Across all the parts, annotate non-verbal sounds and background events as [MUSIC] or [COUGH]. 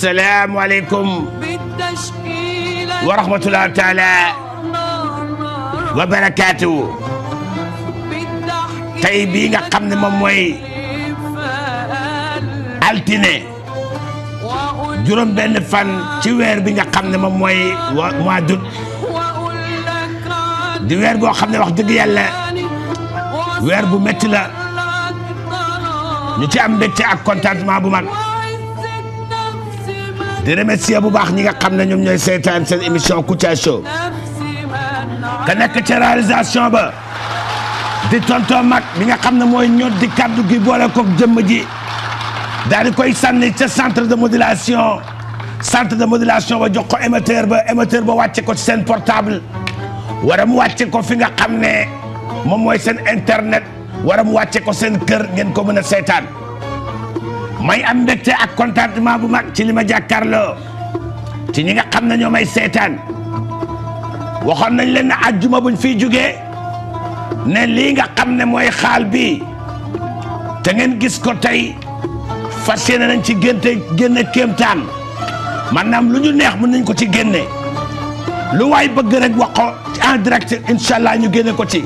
asalaamualeykum wa rahmatulah taala wa barakaatu tey bii nga xam ne moom mooy altine juróom benn fan ci weer bi nga xam ne moom mooy mois d'août di weer boo xam ne wax dëgg yàlla weer bu métti la ñu ci am mbégte ak contentement bu mag. di remercier bu baax ñi nga xam ne ñoom ñooy seetaan seen émission Kouthia Show ka nekk ca ba di tonton mag mi nga xam ne mooy ñot di kaddu gi boole ko jëmm ji daal di koy sànni ca centre de modulation centre de modulation ba jox ko émetteur ba émetteur ba wàcce ko seen portable wara mu wàcce ko fi nga xam ne moom mooy seen internet wara mu wàcce ko seen kër ngeen ko mën a seetaan may am mbégte ak contentement bu mag ci li ma jàkkaarloo ci ñi nga xam ne ñoo may seetaan waxoon nañ leen na ne juma buñ fiy jugee ne lii nga xam ne mooy xaal bi te ngeen gis ko tey fa yéene nañ ci génte génne kéemtaan maanaam lu ñu neex mën nañ ko ci génne lu waay bëgg rek wax ko en direct incha allah ñu génne ko ci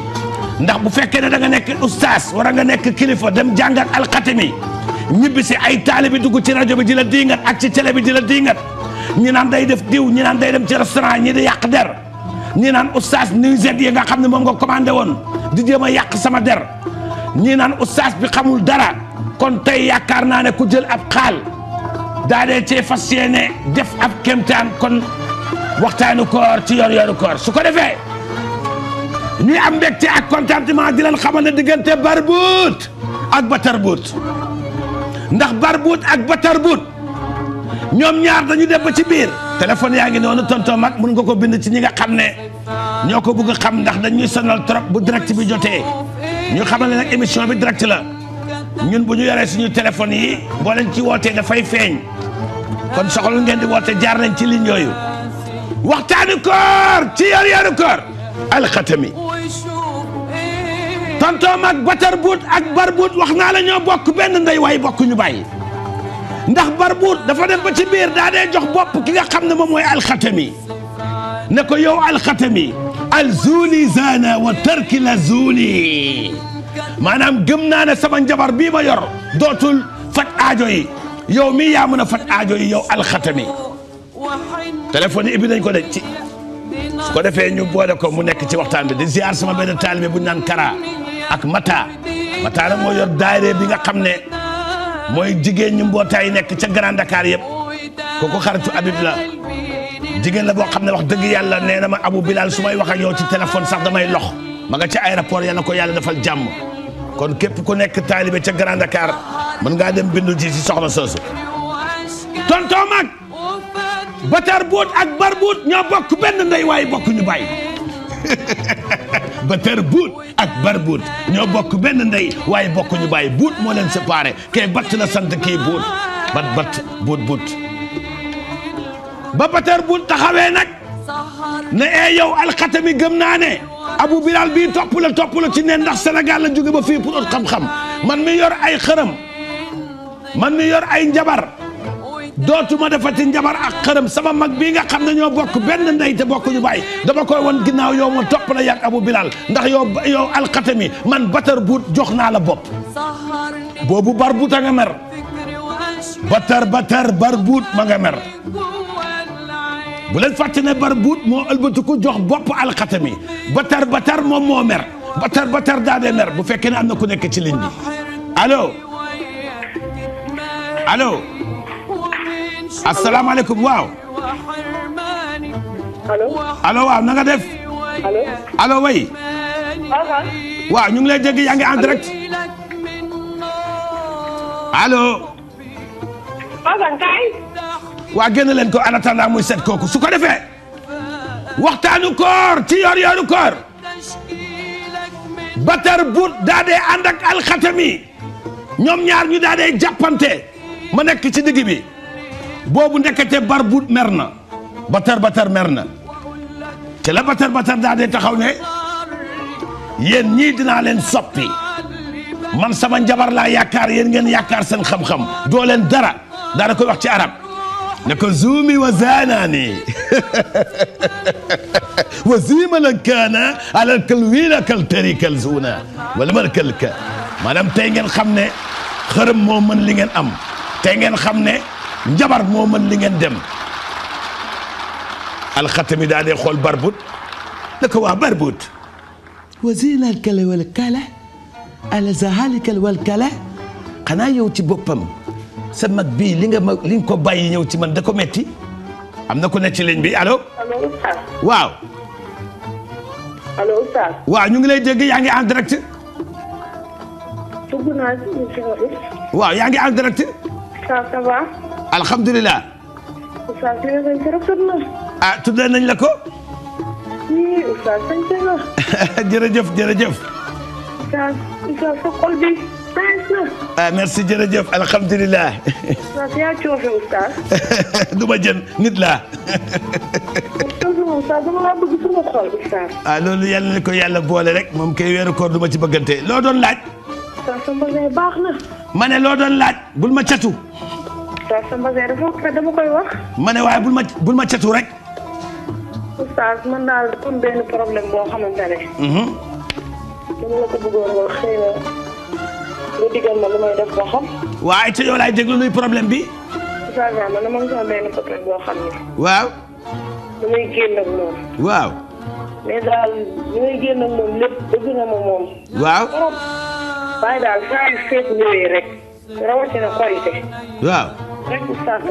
ndax bu fekkee ne da nga nekk oustaz wara nga nekk kilifo dem jàngat alxatimi ñibbisi ay taalibi dugg ci rajo bi di la dingat ak ci cele bi di la dingat ñi naan day def diw ñi naan day dem ci restaurant ñi di yàq der ñi naan oustaz nuisette yi nga xam ne moom nga commandé woon di jéem a sama der ñi naan oustaz bi xamul dara kon tey yaakaar naa ne ku jël ab xaal daa dee cee fas yéene def ab kemtaan kon waxtaanu koor ci yor yoru koor su ko defee ñuy am ci ak kon ti contentement di leen xamal ne diggante barbuut ak ba batarbuut ndax barbuut ak batarbuut ñoom ñaar dañu dem ba ci biir téléphone yaa ngi noonu tonton mag mën nga ko bind ci ñi nga xam ne ñoo ko bëgg xam ndax dañuy sonal trop bu direct bi jotee ñu xamal ne nag émission bi direct la ñun bu ñu yoree suñu téléphone yi boo leen ci wootee dafay feeñ kon soxla ngeen di woote jaar nañ ci ligne yooyu waxtaanu koor ci yor yoru koor alxatami tontoom ak batarbuut ak barbuut wax naa la ñoo bokk benn ndey waaye bokkuñu bàyyi ndax barbuut dafa def ba ci biir daa dee jox bopp ki nga xam ne moom mooy alxatami ne ko yow alxatami alzuuli zaana wa tarki la zuuli maanaam gëm naa ne sama njabar bii ma yor dootul faj aajo yi yow mii yaa mën a faj aajo yi yow alxatami téléphone yi ibbi nañ ko de ci su ko defee ñu boole ko mu nekk ci waxtaan bi di ziar sama benn taalibe bu ñu naan Kara. ak Mata Mata nag moo yor daayira bi nga xam ne mooy jigéen ñu mbootaay nekk ca Grand Dakar yëpp kooku xaritu Habib la jigéen la boo xam ne wax dëgg yàlla nee na ma Abou Bilal su may wax ak yow ci téléphone sax may lox ma nga ca aéroport ko yàlla defal jàmm kon képp ku nekk taalibe ca Grand Dakar mën ngaa dem bindu ji si soxna soosu tonton mag batar buut ak bar buut bokk benn ndey waaye bokk ñu bàyyi [LAUGHS] ba bater buut ak bar buut ñoo bokk benn ndey waaye bokkuñu bàyyi buut moo leen séparé kee batt la sant kii buut bat bat buut buut ba bater buut taxawee nag ne ee eh, alxata alxatami gëm naa ne abu bilal bii topp la topp la ci ne ndax Sénégal la jóge ba fii pour ot xam man mi yor ay xërëm man mi yor ay njabar dootuma defati njabar ak xërëm sama mag bii nga xam ne ñoo bokk benn ndey te bokkuñu baay dama koy won ginnaaw yow ma topp la yàgg Abu Bilal ndax yow yow alxatami man batar buut jox naa la bopp boobu bar buuta nga mer batar batar bar buut ma nga mer bu leen fàtte ne bar buut moo ëlbatiku jox bopp alxatami batar batar moom moo mer batar batar daa mer bu fekkee ne am na ku nekk ci ligne bi asalaamaaleykum waaw. allo. allo waaw na nga def. allo. allo way waaw ñu ngi lay dégg yaa ngi en direct. allo. Assane Kaye. waa génn leen ko en attendant muy set kooku su ko defee. waxtaanu koor ci yor yoru koor. Batar Buut daa dee ànd ak alxatami ñoom ñaar ñu daa dee jàppante ma nekk ci digg bi. boobu ndekete bar buut mer na batar batar mer na te la batar batar daa dee taxaw ne yéen ñii dinaa leen soppi man sama njabar laa yaakaar yéen ngeen yaakaar seen xam-xam doo leen dara daana koy wax ci arab ne ko zuumi wa zaanaani [LAUGHS] wa ziimalan kaana ale kal wiila kal tari kal zuuna wala mal kal ka maanaam ngeen xam ne xërëm moo mën li ngeen am tey ngeen xam ne njabar moo mën li ngeen dem alxatami daa dee xool barbut da ko waa barbut wasilal kale wal kale zahalikal wal kale xanaa yow ci boppam sa mag bii li nga ma ko bàyyi ñëw ci man da ko metti am na ku ne ci ligne bi allo waaw allo Oustaz waaw ñu ngi lay dégg yaa ngi en yaa ngi en alhamdulilah. oustaz dina leen si rafet na. ah tuddee nañ la ko. oui oustaz sant na. [LAUGHS] jërëjëf jërëjëf. oustaz oustaz sa xol bi nice na. ah merci jërëjëf alhamdulilah. oustaz yaa coofe oustaz. [LAUGHS] du ma jën nit laa. oustaz dama laa bëgg sama xol oustaz. ah loolu yàlla na ko yàlla boole rek moom kay weeru koor du ma ci bëggante loo doon laaj. oustaz sa mbagay baax na. ma ne loo doon laaj bul ma catu. oustaz sa mbase dafa wax dama koy wax. ma ne waaye bul ma bul ma catu rek. oustaz man daal dafa am benn problème boo xamante ne. Mhm. dama la ko bëggoon wax xëy na nga digal ma lu may def ba xam. waaye ca yow laay déglu luy problème bi. oustaz waaw man dama am benn problème boo xam ne. waaw. damay génn ak moom. waaw. mais daal li may génn ak moom lépp bëgg na ma moom. waaw trop. waaye daal saa yu feet ñëwee rek. rawatina korite. waaw. rek oustaz daf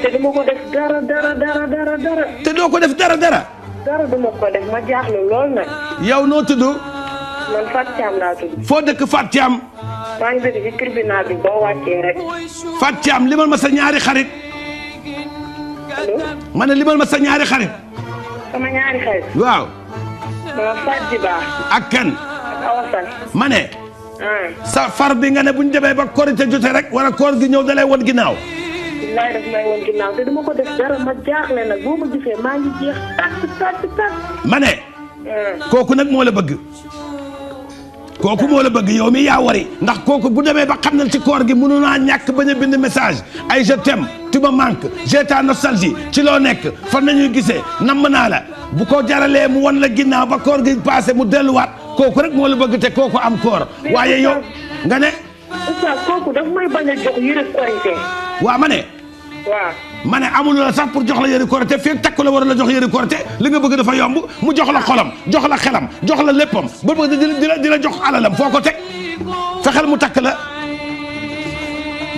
[LAUGHS] du ko def dara dara dara dara dara. te du ma ko def ma jaaxle lool nag. yow noo tudd. man Fatou Thiam laa tudd. foo dëkk Fatou Thiam. maa ngi dëkk ci tribunal bi boo wàccee rek. Fatou Thiam limal ma sa ñaari xarit. allo. ma ne limal ma sa ñaari xarit. waaw. ma Fatou Diba. ak kan. ak sa far bi nga ne bu ñu demee ba korite jote rek wala koor gi ñëw dalay won ginnaaw laay woon ginnaaw ko def dara ma jaaxle nag ma gisee maa kooku nag moo la bëgg kooku moo la bëgg yow mi yaa wari ndax kooku bu demee ba xam ne ci koor gi mënu naa ñàkk bañ a bind message ay je t'aime tu me manques j'ai ta ci loo nekk fan nañuy gisee namm naa la bu ko jaralee mu won la ginnaaw ba koor gi passé mu delluwaat kooku rek moo la bëgg te kooku am koor waaye yow nga ne. oustaz kooku daf may bañ a jox yére korité. waaw ma ne. waaw ma ne amul la sax jox la yére korité fekk takk la war la jox yére korité li nga bëgg dafa yomb mu jox la xolam jox la xelam jox la léppam ba bëgg di la di jox alalam foo ko teg fexeel mu takk la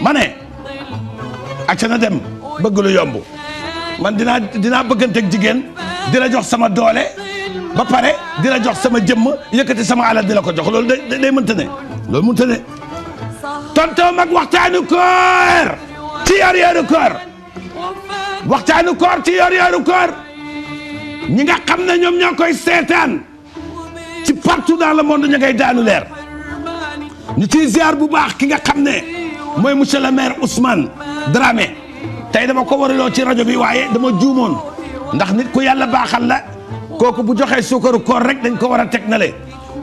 mane ne. acca na dem bëgg lu yomb man dinaa dinaa bëgganteeg jigéen di jox sama doole. ba pare di jox sama jëmm yëkkati sama alal di la ko jox loolu day day mënta ne loolu mënta ne tonton mag waxtaanu koor ci yor yoru koor waxtaanu koor ci yor yoru koor ñi nga xam ne ñoom ñoo koy seetaan ci partout dans le monde ñu ngay daanu leer ñu ciy ziar bu baax ki nga xam ne mooy monsieur le maire Ousmane Dramé tey dama ko waraloo ci rajo bi waaye dama juumoon ndax nit ku yàlla baaxal la kooku bu joxee suukaru koor rek dañ ko war a teg na le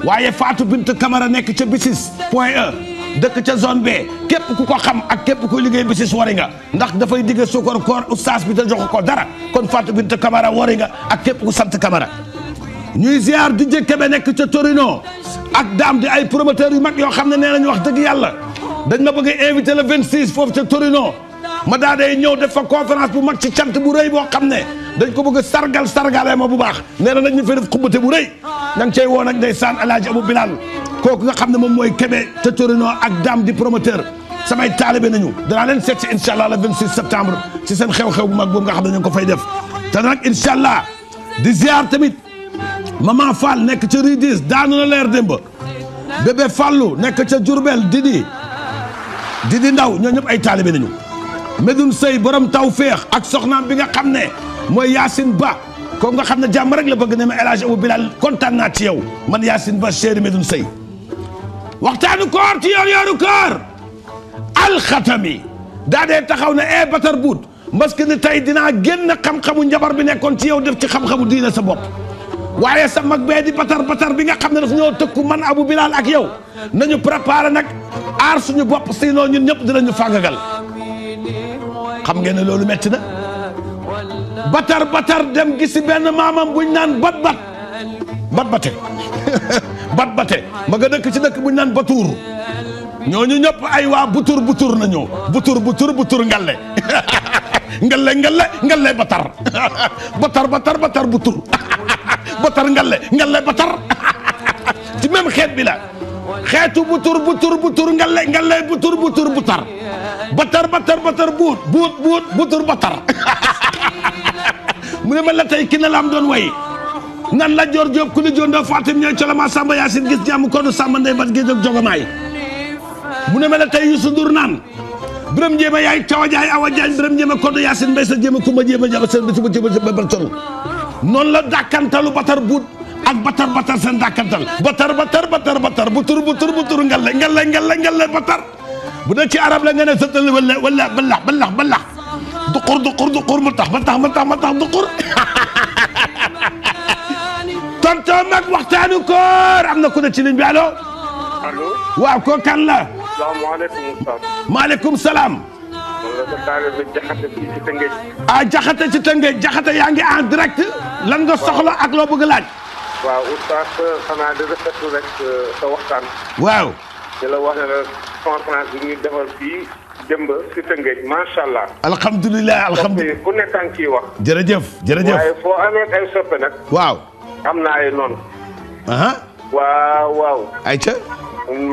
waaye Fatou Bintou Camara nekk ca BICIS point e, dëkk ca zone B képp ku ko xam ak képp ku liggéey BICIS wari nga ndax dafay digge suukaru koor oustaz bi te joxu ko dara kon Fatou Bintou Camara wari nga ak képp ku sant Camara ñuy ziar di jëkkebe nekk ca Torino ak daam di ay promoteurs yu mag yoo xam ne nee nañu wax dëgg yàlla dañ ma bëgg a invité le 26 foofu ca Torino ma daa ñëw def fa conférence bu mag ci cant bu rëy boo xam ne dañ ko bëgg a sargal sargalee ma bu baax nee na nañ ñu fay def xubbate bu rëy da nga cay woo nag ndeysaan alaaji abu bilal kooku nga xam ne moom mooy Kébé te Torino ak Dame di promoteur samay taalibe nañu danaa leen seet si incha allah le 26 septembre ci seen xew-xew bu mag boobu nga xam ne dañ ko fay def te nag incha allah di ziar tamit maman Fall nekk ca Ridis daanu na leer démb bébé Fallou nekk ca Diourbel Didi Didi Ndaw ñoo ñëpp ay taalibe nañu Medoune Sey borom taw féex ak soxnaam bi nga xam ne mooy Yacine Ba kooku nga xam ne jàmm rek la bëgg ne ma El Hadj Abou kontaan naa ci yow man Yacine Ba chéri Medoune koor ci yor-yoru koor alxatami daa dee taxaw ne e batar buut parce que ni tey dinaa génn xam-xamu njabar bi nekkoon ci yow def ci xam-xamu diina sa bopp waaye sa mag bee di batar batar bi nga xam ne daf ñoo tëkku man Abou Bilal ak yow nañu préparé nag aar suñu bopp sinon ñun ñëpp dinañu fàggagal xam ngeen ne loolu métti na. batar batar dem gisi benn maamam buñ naan bat bat bat bate [LAUGHS] bat ma nga dëkk ci dëkk buñ naan batuur ñooñu ñëpp ay waa butur butur nañu butur butur butur ngalle [LAUGHS] ngalle ngalle ngalle batar [LAUGHS] batar batar batar butur batar ngalle ngalle batar ci même xeet bi la xeetu butur butur butur ngalle ngalle butur butur butar batar batar batar buut buut buut butur batar mu ne ma la tey ki ne laam doon way ngan la Dior Diop ku ne Dior Fatim ñooy coloma Samba Yacine gis ñaamu konu Samba Ndeye Bat Géej ak Jogomaay mu ne ma la tey Youssou Ndour naan Birame Jéema yaay Tawa Jaay Awa Jaañ Birame Jéema konu Yacine Mbaye sa Jéema Kumba Jéema Jaba seen bi suba jéema ba batar noonu la dàkkantalu batar buut ak batar batar seen dàkkantal batar batar batar batar bu tur bu tur bu tur ngale ngale ngale ngale batar bu dee ci arab la nga ne sëtal wala wala balax balax balax duqur duqur duqur mu tax mu tax ma tax ma tax duqur [LAUGHS] tonton mag waxtaanu koor am na ku ne ci ligne bi allo. allo waaw ko kan la. salaamaaleykum. maaleykum salaam. ah a ci tëngeej jaxate yaa ngi direct lan nga soxla ak loo bëgg laaj. waaw oustaz xanaa di rafetlu euh, la wax bi jëmba si tëngëj macha allah. alhamdulilah alhamdulilah ku nekkaan ciy wax. jërëjëf jërëjëf waaye foo amoon ay soppe waaw. am na ay noonu. waaw waaw. ayca.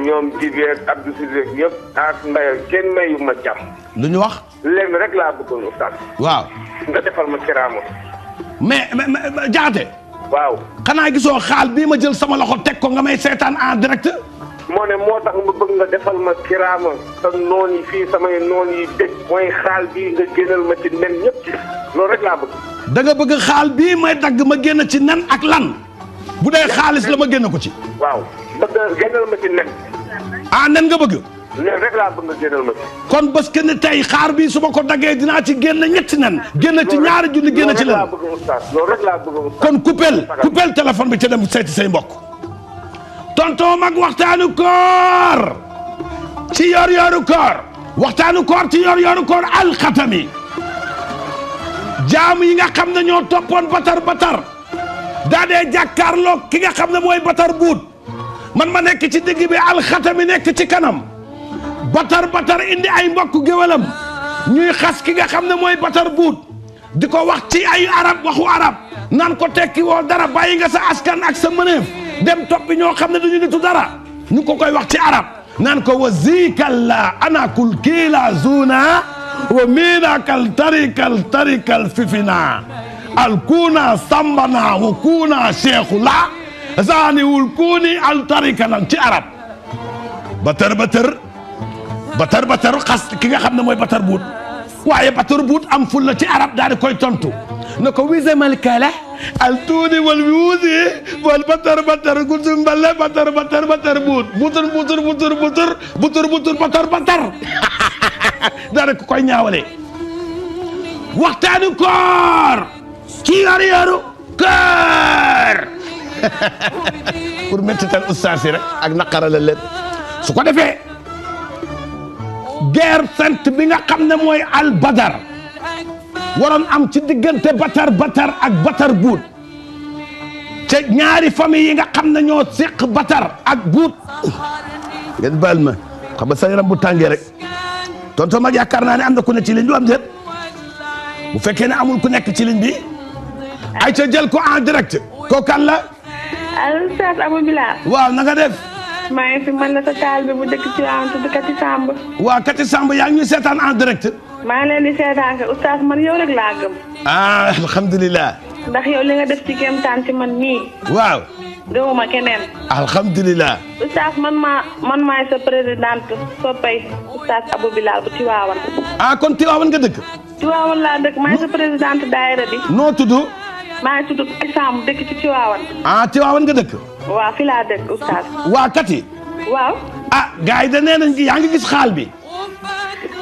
ñoom Didier ak Abdou Cissé yëpp ak Mbaye kenn mayu ma jàmm. lu ñu wax. lenn rek laa bëggoon oustaz. waaw. nga defal ma kiraama. mais mais jaxate. waaw. xanaa gisoo xaal bii ma jël sama loxo teg ko nga seetaan en direct. moo ne moo tax ma bëgg nga defal ma kiraama ak noon yi fii samay noon yi dégg mooy xaal bii nga génnal ma ci nen ñëpp ci loolu rek laa bëgg da nga bëgg xaal bi may dagg ma génn ci nen ak lan bu dee xaalis la ma génn ko ci waaw bëgg génnal ma ci nen ah nen nga bëgg nen rek kon parce que ne tey xaar bii su ma ko daggee dinaa ci génn ñetti nen génn ci ñaari junni génn ci len loolu rek laa bëgg kon coupel coupel téléphone bi te dem seeti say mbokk tonton mag waxtaanu koor ci yor yoru koor waxtaanu koor ci yor yoru koor alxatami jaamu yi nga xam ne ñoo toppoon batar batar daa dee ki nga xam ne mooy batar buut man ma nekk ci digg bi alxatami nekk ci kanam batar batar indi ay mbokku géwalam ñuy xas ki nga xam ne mooy batar buut di ko wax ci ay arab waxu arab naan ko tekki woo dara bàyyi nga sa askan ak sa mëneef dem toppi ñoo xam ne dañu nitu dara ñu ko koy wax ci arab naan ko wa zikalla anakul kiila zuna wa miinakal tarikal tarikal fifina al kuuna sambana wa kuuna cheikhu la zaniwul kuuni al tarikalan ci arab batar batar batar batar xas ki nga xam ne mooy batar buut waaye batar buut am ful ci arab daal koy tontu na ko wisemal kala al tuuni wal wuusi wal batar batar gudum balle batar batar batar buut butur butur butur butur butur butur batar batar [LAUGHS] dara ko koy ñaawale waxtaanu koor ci yaru yaru koor [LAUGHS] pour mettital ustaas yi rek ak naqarala leen su ko defee guerre sainte bi nga xam ne mooy al badar waroon am ci diggante batar batar ak batar buut te ñaari famille yi nga xam ne ñoo séq batar ak buut ngeen baal ma xam nga sa yaram bu tàngee rek tonton mag yaakaar naa ne am na ku ci ligne bi am déet bu fekkee ne amul ku nekk ci ligne bi ay ca jël ko en direct ko kan la Oustaz Abou Bilal na nga def maa ngi fi mën na sa taal bi bu dëkk ci am tudd Kati Samb waaw Kati Samb yaa ngi ñu seetaan en direct maa ngi leen di seetaan oustaz man yow rek laa gëm. ah alhamdulilah. ndax yow li nga def ci man nii. waaw. gëmuma keneen. alhamdulilah. oustaz man maa man maay sa présidente soppay oustaz Abou Bilal bu Tiwaawan. ah kon Tiwaawan nga dëkk. Tiwaawan laa dëkk maay sa présidente daayira bi. noo tudd. maa ngi tudd Kati Samb dëkk ci Tiwaawan. ah Tiwaawan nga dëkk. waaw fi laa dëkk oustaz. waa Kati. waaw. ah gars yi nañ yaa ngi gis xaal bi.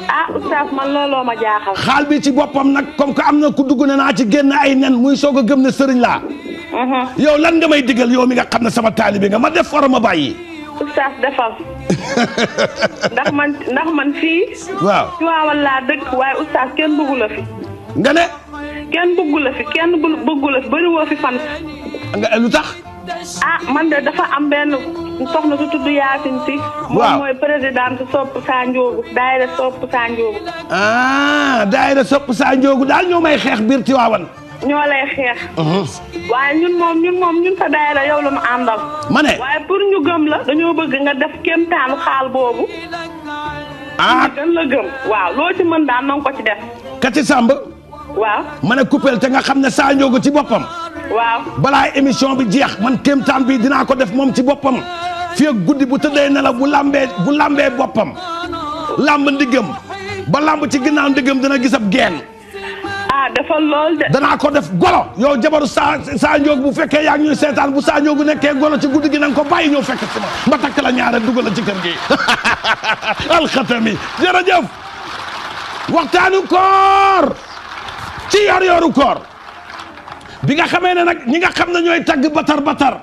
ah oustaz man looloo ma jaaxal. xaal bi ci boppam nag comme que am na ku dugg ne naa ci génn ay nen muy soog a gëm ne sëriñ laa. Mhm. yow lan nga may digal yow mi nga xam ne sama taalibe nga ma def war ma bàyyi. oustaz defal [LAUGHS] ndax man man fii. waaw ci laa dëkk waaye oustaz kenn bëggu fi. nga ne. kenn bëggu fi kenn bëggu la fi bëri woo fi fan. nga lu tax. ah man de dafa am benn. soxna su tudd Yacine Sy. waaw moom mooy présidente Sopp Sa Ndiogou daayira Sopp Sa ah, Sopp Sa Ndiogou daal ñoo may xeex biir Tiwaawan. ñoo lay xeex. Uh-huh. waaye ñun moom ñun moom ñun sa daayira yow la mu àndal. ma ne waaye pour ñu gëm la dañoo bëgg nga def kéem taanu xaal boobu. ah gën la gëm. waaw loo ci mën daan na nga ko ci def. Kati sàmb waaw ma ne coupé te nga xam ne Sa Ndiogou ci boppam. waaw balaa émission bi jeex man kéemtaan bi dinaa ko def moom ci boppam. fii guddi bu tëddee nelaw bu lambee bu lambee boppam lamb ndiggam ba lamb ci ginnaaw ndiggam dana gis ab geen ah dafa lool de. danaa ko def golo yow jabaru saa saa njóog bu fekkee yaa ngi ñuy seetaan bu saa njóogu nekkee golo ci guddi gi na nga ko bàyyi ñëw fekk si ma ma takk la ñaare dugal la ci kër gi [LAUGHS] alxatami jërëjëf waxtaanu koor ci yor yoru koor bi nga xamee ne nag ñi nga xam ne ñooy tagg batar batar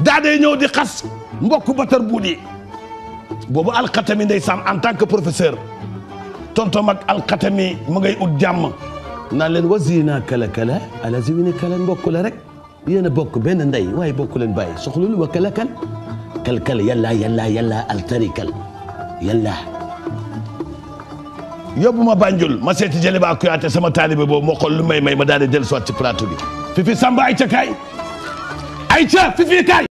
daa ñëw di xas mbokk Batar Buudi boobu alxatami ndeysaan en tant que professeur tontom ak alxatami mu ngay ut jàmm naan leen wasina kala kala ala si wine kala mbokk la rek yéen a bokk benn ndey waaye bokk leen bàyyi soxlul wa kala kal kal kal yàlla yàlla yàlla altari kal yàlla yóbbu ma Banjul ma seeti jële ba Kuyaate sama taalibe boobu moo xool lu may may ma daal di dellusiwaat ci plateau bi fifi Samba ayca kaay ayca fifi kaay